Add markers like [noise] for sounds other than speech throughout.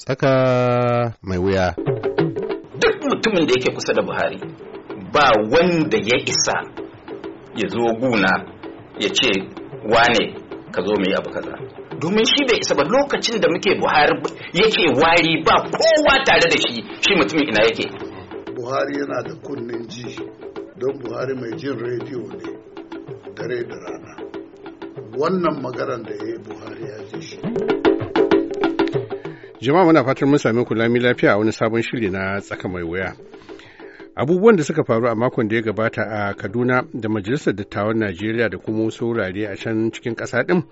Tsaka mai wuya. Duk mutumin da yake kusa da Buhari ba wanda ya isa ya zo guna ya ce wane ka zo mai abu kaza. Domin shi bai isa ba lokacin da muke Buhari yake wari ba kowa tare da shi shi mutumin ina yake. Buhari yana da kunnen ji don Buhari mai jin rediyo ne dare da rana. Wannan maganar da ya yi Buhari ya ji shi. Jama'a muna fatan mun sami ku lami lafiya a wani sabon shiri na tsaka mai wuya. Abubuwan da suka faru a makon da ya gabata a Kaduna da Majalisar Dattawan Najeriya da kuma wasu wurare a can cikin ƙasa ɗin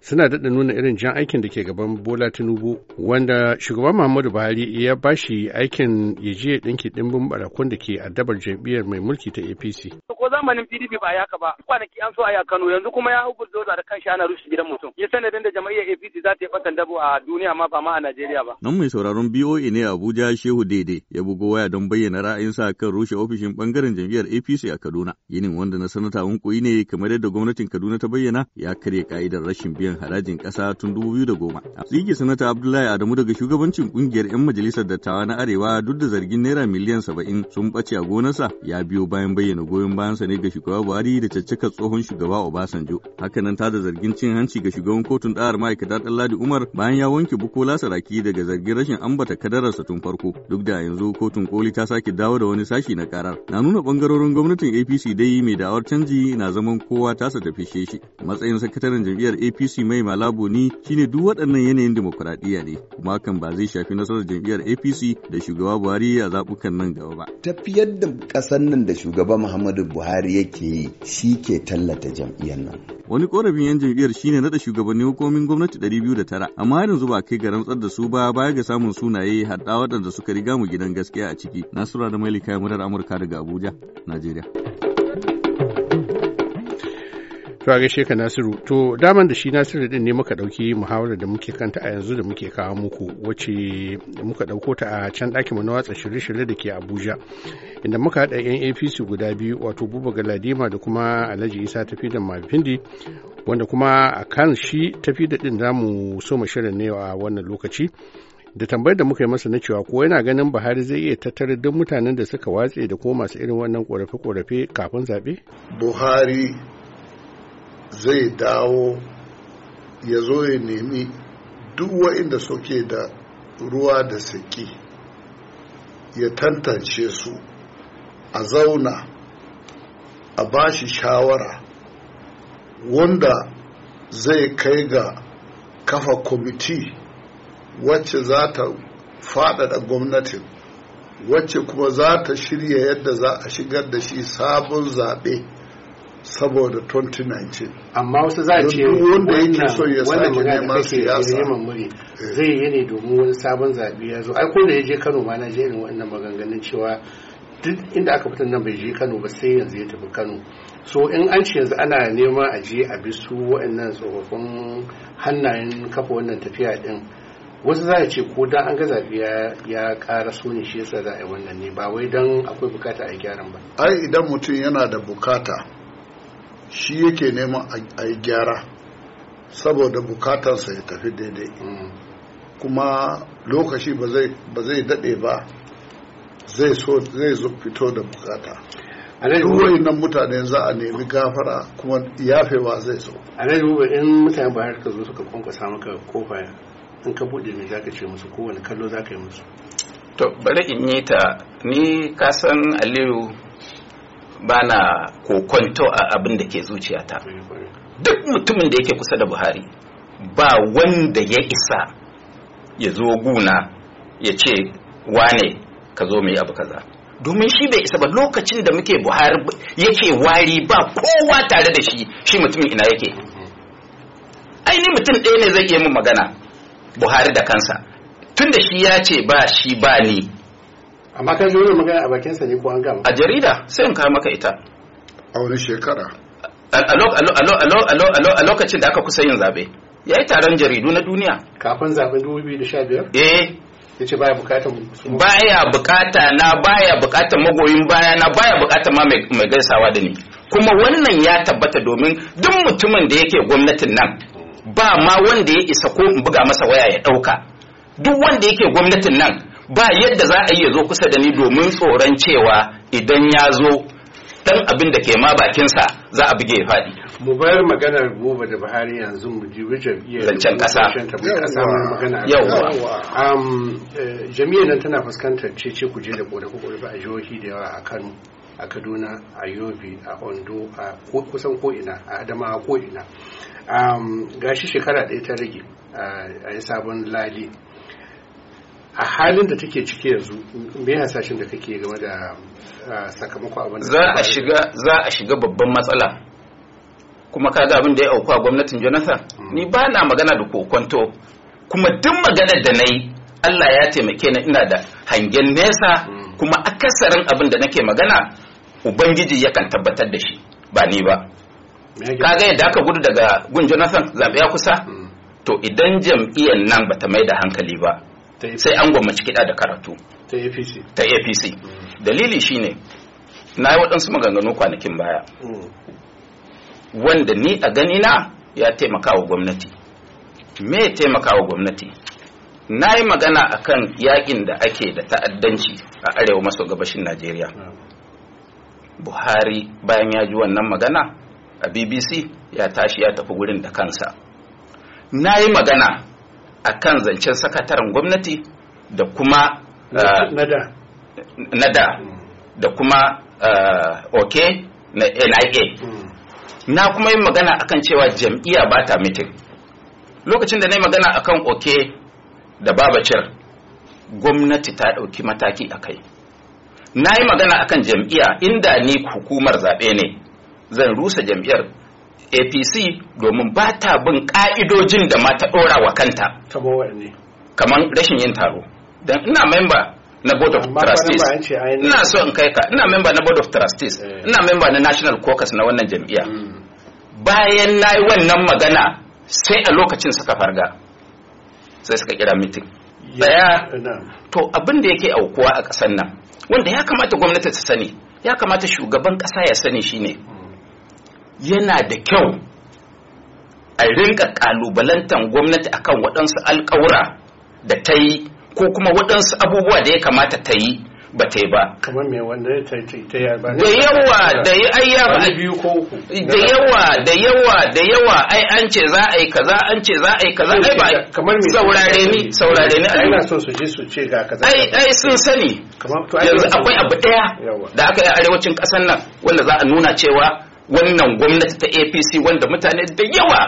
suna daɗa nuna irin jan aikin da ke gaban Bola Tinubu wanda shugaban Muhammadu Buhari ya ba shi aikin ya je ɗinki ɗimbin barakun da ke addabar jam'iyyar mai mulki ta APC. Ko zamanin PDP ba yaka ba kwanaki an so a Kano yanzu kuma ya hubu da kanshi ana rushe gidan mutum ya sanadin da jam'iyyar APC za ta yi fatan dabo a duniya ma ba ma a Najeriya ba. Nan mai sauraron BOA ne Abuja Shehu daidai ya bugo waya don bayyana ra'ayinsa kan rushe ofishin bangaren jam'iyyar APC a Kaduna. Yinin wanda na sanata hunkuyi ne kamar yadda gwamnatin Kaduna ta bayyana ya karya ka'idar rashin biyan biyan harajin ƙasa tun 2010. Tsige sanata Abdullahi Adamu daga shugabancin ƙungiyar 'yan majalisar dattawa na Arewa duk da zargin naira miliyan 70 sun ɓace a gonarsa ya biyo bayan bayyana goyon bayansa ne ga shugaba Buhari da caccakar tsohon shugaba Obasanjo. Hakanan ta da zargin cin hanci ga shugaban kotun ɗahar ma'aikata Ɗanladi Umar bayan ya wanke Bukola Saraki daga zargin rashin ambata kadararsa tun farko. Duk da yanzu kotun koli ta sake dawo da wani sashi na karar. Na nuna ɓangarorin gwamnatin APC dai mai da'awar canji na zaman kowa tasa tafi shi. Matsayin sakataren jam'iyyar APC Sanusi Mai Malabo ni shine duk waɗannan yanayin demokuraɗiyya ne kuma hakan ba zai shafi nasarar jam'iyyar APC da shugaba Buhari a zaɓukan nan gaba ba. Tafiyar da ƙasar nan da shugaba Muhammadu Buhari yake yi shi ke tallata jam'iyyar nan. Wani korafin 'yan jam'iyyar shine naɗa shugabannin hukumomin gwamnati 209 amma har yanzu ba kai ga rantsar da su ba baya ga samun sunaye haɗa waɗanda suka riga mu gidan gaskiya a ciki. Nasura da Malika Murar Amurka daga Abuja, Najeriya. To a gaishe ka Nasiru, to daman da shi Nasiru din ne muka ɗauki muhawarar da muke kanta a yanzu da muke kawo muku wacce muka ɗauko ta a can ɗakin mu na watsa shirye-shirye da ke Abuja. Inda muka haɗa 'yan APC guda biyu wato Buba Galadima da kuma Alhaji Isa tafi da Mafindi wanda kuma a kan shi tafi da ɗin za mu so mu shirin ne a wannan lokaci. da tambayar da muka yi masa na cewa ko yana ganin buhari zai iya tattara duk mutanen da suka watse da ko masu irin wannan korafe-korafe kafin zaɓe? buhari zai dawo ya zo ya nemi duk wa'inda suke da ruwa da saki ya tantance su a zauna a ba shi shawara wanda zai kai ga kafa kwamiti wacce za ta faɗaɗa gwamnatin wacce kuma za ta shirya yadda za a shigar da shi sabon zaɓe saboda 2019 amma wasu za a ce wanda yake so ya sami neman siyasa eh. zai yi ne domin wani sabon zaɓe ya zo ai ko da ya je kano ma na je irin wannan maganganun cewa duk inda aka fitar nan bai je kano ba sai yanzu ya tafi kano so in an ce yanzu ana nema a je a bi su waɗannan tsofaffin hannayen kafa wannan tafiya din wasu za a ce ko dan an ga zaɓe ya ƙara so ne shi yasa za a yi wannan ne ba wai dan akwai bukata a gyaran ba ai idan mutum yana da bukata shi yake neman a yi gyara saboda bukatarsa ya tafi daidai mm. kuma lokaci ba zai daɗe ba zai so zai zo fito da bukata ruwai nan mutane za a nemi gafara kuma yafewa zai so a nan in mutane ba harka ka zo suka samu maka kofa in ka buɗe ne za ka ce musu kowane kallo za ka yi musu to bari in yi ta ni kasan aliyu Ba na kokonto a abin da ke zuciyata duk mutumin da yake kusa da buhari ba wanda ya isa ya zo guna ya ce wane ka zo mai abu kaza domin shi bai isa ba lokacin da muke buhari yake wari ba kowa tare da shi shi mutumin ina yake aini mutum ɗaya ne zai iya mun magana buhari da kansa tun da shi ya ce ba shi ba ni amma ka ji wani magana a bakin sa ne ko an gama a jarida sai in kawo maka ita a wani shekara a lokacin da aka kusa yin zabe ya yi taron jaridu na duniya kafin zabe 2015 eh yace baya bukatar baya bukata na baya bukatar magoyin baya na baya bukatar ma mai gaisawa da ni kuma wannan ya tabbata domin duk mutumin da yake gwamnatin nan ba ma wanda ya isa ko in buga masa waya ya dauka duk wanda yake gwamnatin nan ba yadda za a iya zo kusa da ni domin tsoron cewa idan ya zo dan abin da ke ma bakinsa za a buge ya faɗi. mu bayar maganar gobe da buhari yanzu mu ji wajen iya zancen ƙasa yawwa um, eh, Jami'an nan tana fuskantar ce-ce kuje da kore kore ba a jihohi da yawa a kano a kaduna a yobe a ondo a kusan ko'ina a adamawa ko'ina um, gashi shekara ɗaya ta rage a yi sabon lali a halin da take ciki yanzu me hasashen da kake game da sakamakon abin da za a shiga za a shiga babban matsala kuma kaga abin da ya auku a gwamnatin Jonathan hmm. ni ba na magana da kokonto kuma duk maganar da nayi Allah ya taimake ni ina da hangen nesa hmm. kuma akasarin abin da nake magana ubangiji yakan tabbatar da shi ba ni ba kaga yadda aka gudu daga gun Jonathan zabe ya kusa hmm. to idan jam'iyyar nan bata mai da hankali ba sai an gwammaci kiɗa da karatu ta apc ta apc dalili shine na yi waɗansu maganganu kwanakin baya mm. wanda ni a ganina ya taimakawa gwamnati me ya taimakawa gwamnati na yi magana a kan yaƙin da ake da ta'addanci a arewa maso gabashin najeriya mm. buhari bayan ya ji wannan magana a bbc ya tashi ya tafi wurin da kansa na yi magana a kan zancen sakataren gwamnati da kuma nada eh, da kuma eh, ok na nia hmm. na kuma yin magana akan cewa jam'iyya ba ta mitin lokacin da na yi magana akan ok da babacir gwamnati ta ɗauki mataki a kai na yi magana akan jam'iyya inda ni hukumar zaɓe ne zan rusa jam'iyyar apc domin ba ta bin ƙa'idojin da ma ta ɗora wa kanta kamar rashin yin taro don ina memba na board of trustees ina so in kai ka ina memba na board of trustees eh. ina memba na national caucus na wannan jam'iyya hmm. bayan na yi wannan magana sai a lokacin suka farga sai suka kira mitin daya to abin da yake aukuwa a ƙasar nan wanda ya kamata gwamnati ta sani ya kamata shugaban ƙasa ya sani shine yana da kyau a rinka kalubalantar gwamnati akan waɗansu alƙawura da ta yi ko kuma waɗansu abubuwa da ya kamata ta yi ba ta yi ba. Kamar me wanda ya ta yi yi Da yawa da ya ai ya ba. biyu ko Da yawa da yawa da yawa ai an ce za a yi kaza an ce za a yi kaza ai ba. Kamar me. Saurare ni saurare ni. Ai na so su je su ce ga kaza. Ai ai sun sani. Yanzu akwai abu ɗaya da aka yi arewacin ƙasar nan wanda za a nuna cewa wannan gwamnati ta apc wanda mutane da yawa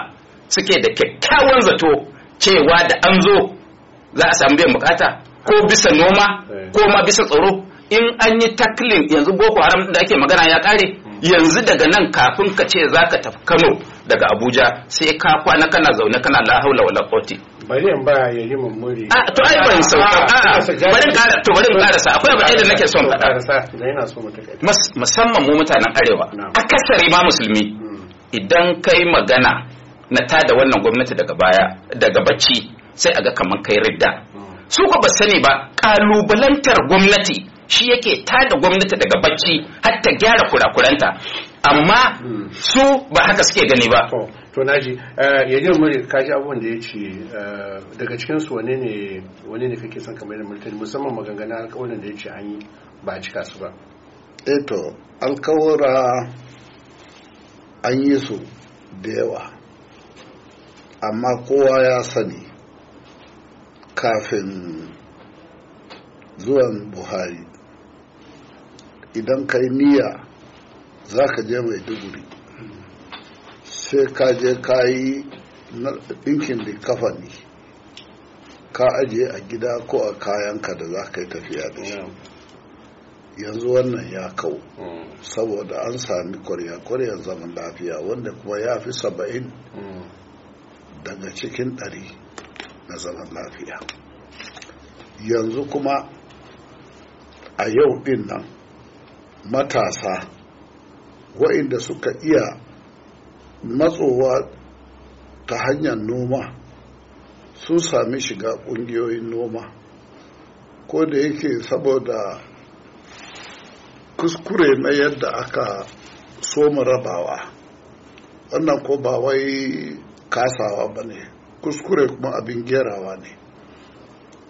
suke da kyakkyawan zato cewa da an zo za a samu biyan bukata ko bisa noma eh. ko ma bisa tsaro in an yi taklin yanzu boko haram da ake magana ya kare hmm. yanzu daga nan kafin ka ce za ka tafi kano daga Abuja sai ka kwana kana zaune kana la haula wala quwwati bari in baya ya mummuri a ah, to ai ban sauka a ah, ah, bari kara to bari kara sa akwai abin da nake son faɗa musamman mu mutanen arewa akasari ma musulmi hmm. idan kai magana na tada wannan gwamnati daga baya daga bacci sai a ga kamar kai ridda hmm. su ko ba sani ba kalubalantar gwamnati shi yake tada gwamnati daga bacci har ta gyara kurakuranta amma hmm. su ba haka suke gani ba to naji eh, yanzu mun kaji abubuwan da ya ce eh, daga cikin su ne kake son kamar da mulkin musamman maganganu alƙawarin da ya ce an yi ba a cika su ba eto eh, to an yi su da yawa amma kowa ya sani kafin zuwan buhari idan kai niyya za ka je mai duguri sai ka je ka yi ɗinkin da ne, ka ajiye a gida ko a kayanka da za ka yi tafiya da shi yanzu wannan ya kau saboda an sami kwarya-kwaryar zaman lafiya wanda kuma ya fi saba'in daga cikin ɗari na zaman lafiya yanzu kuma a yau ɗin nan matasa wa'inda suka iya matsowa ta hanyar noma sun sami shiga ƙungiyoyin noma ko da yake saboda kuskure na yadda aka soma rabawa wannan ko ba wai kasawa ba ne kuskure kuma abin gerawa ne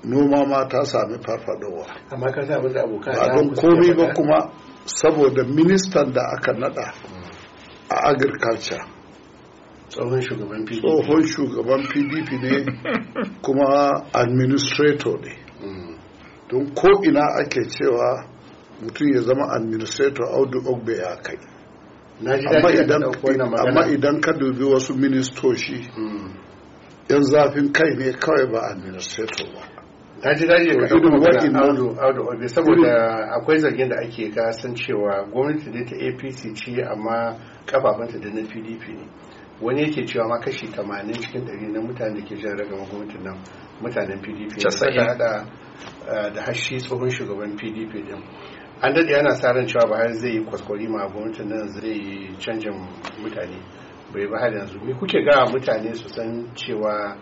noma ma ta sami farfadowa ba don komi ba kuma saboda ministan da aka nada a agriculture tsohon shugaban pdp ne [laughs] kuma administrator ne mm. don ko ina ake cewa mutum ya zama administrator audu ogbe ya kai amma idan ka dubi wasu ministoci mm. yan zafin kai ne kawai ba administrator ba na ji daji da irin wajen audu audu obi saboda akwai zargin da ake ga san cewa gwamnati da ta apc ci amma kafafanta da na pdp ne wani yake cewa ma kashi 80 cikin 100 na mutane da ke jan ragama gwamnatin nan mutanen pdp ne da hada eh, da hashi tsohon shugaban pdp din an daɗe ana sa ran cewa buhari zai yi kwaskwari ma gwamnatin nan zai yi canjin mutane bai ba har yanzu me kuke ga mutane su san cewa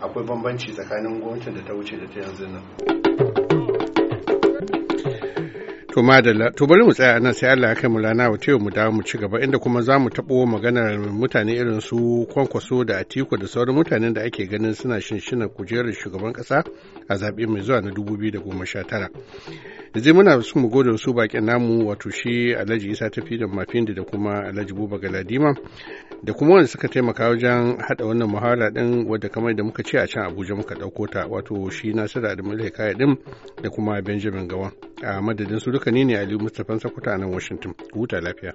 akwai bambanci tsakanin gwamnatin da ta wuce da ta yanzu nan To madalla, to bari mu tsaya nan sai Allah ya kai mu rana wa mu dawo mu ci gaba inda kuma za mu taɓo maganar mutane irin su kwankwaso da atiku da sauran mutanen da ake ganin suna shinshina kujerar shugaban ƙasa a zaɓe mai zuwa na dubu da 2019. Yanzu muna su mu gode su bakin namu wato shi Alhaji Isa Tafi da Mafindi da kuma Alhaji Buba Galadima da kuma wanda suka taimaka wajen haɗa wannan muhawara ɗin wadda kamar da muka ce a can Abuja muka ɗauko ta wato shi Nasiru Adamu Hikaya ɗin da kuma Benjamin Gawan. a madadin su duka ne ne aliyu mustapha sakuta nan washington huta lafiya